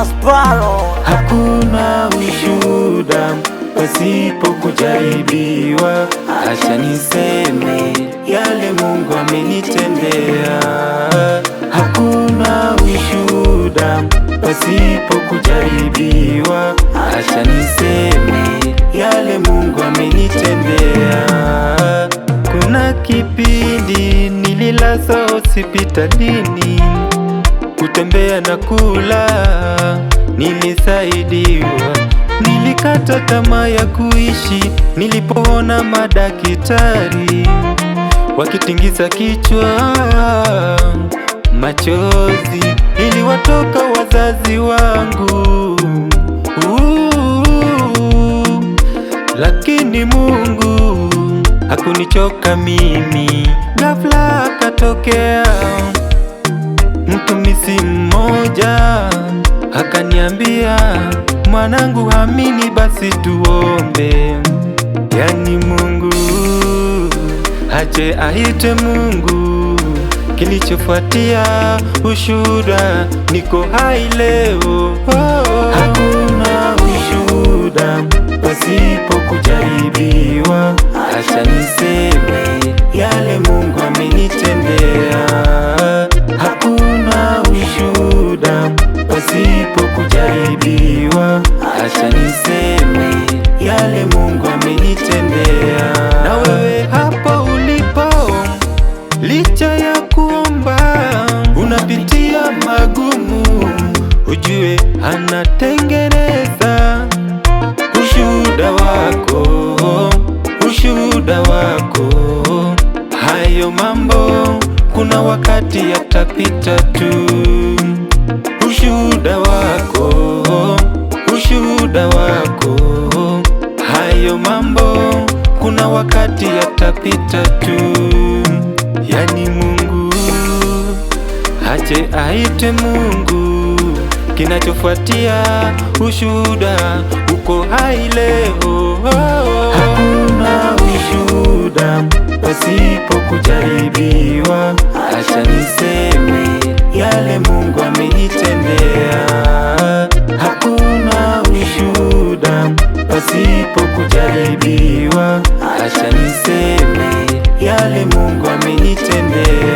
Asparo. Hakuna ushuda pasipo kujaribiwa, acha niseme yale Mungu amenitendea. Hakuna ushuda pasipo kujaribiwa, acha niseme yale Mungu amenitendea. Kuna kipindi nililazwa hospitalini kutembea na kula, nilisaidiwa. Nilikata tamaa ya kuishi nilipoona madaktari wakitingiza kichwa machozi, iliwatoka watoka wazazi wangu lakini Mungu hakunichoka mimi, ghafla akatokea mmoja akaniambia, mwanangu hamini, basi tuombe. Yani Mungu ache aite Mungu. Kilichofuatia ushuhuda, niko hai leo. mimi yale Mungu amenitendea. Na wewe hapo ulipo, licha ya kuomba, unapitia magumu, ujue anatengeneza. Ushuhuda wako, ushuhuda wako, hayo mambo kuna wakati yatapita tu. Ushuhuda wakati yatapita tu. Yani Mungu ache aite Mungu, kinachofuatia ushuda uko hai leo. Oh, oh. Hakuna ushuda pasipo kujaribiwa acha niseme yale Mungu amenitendea.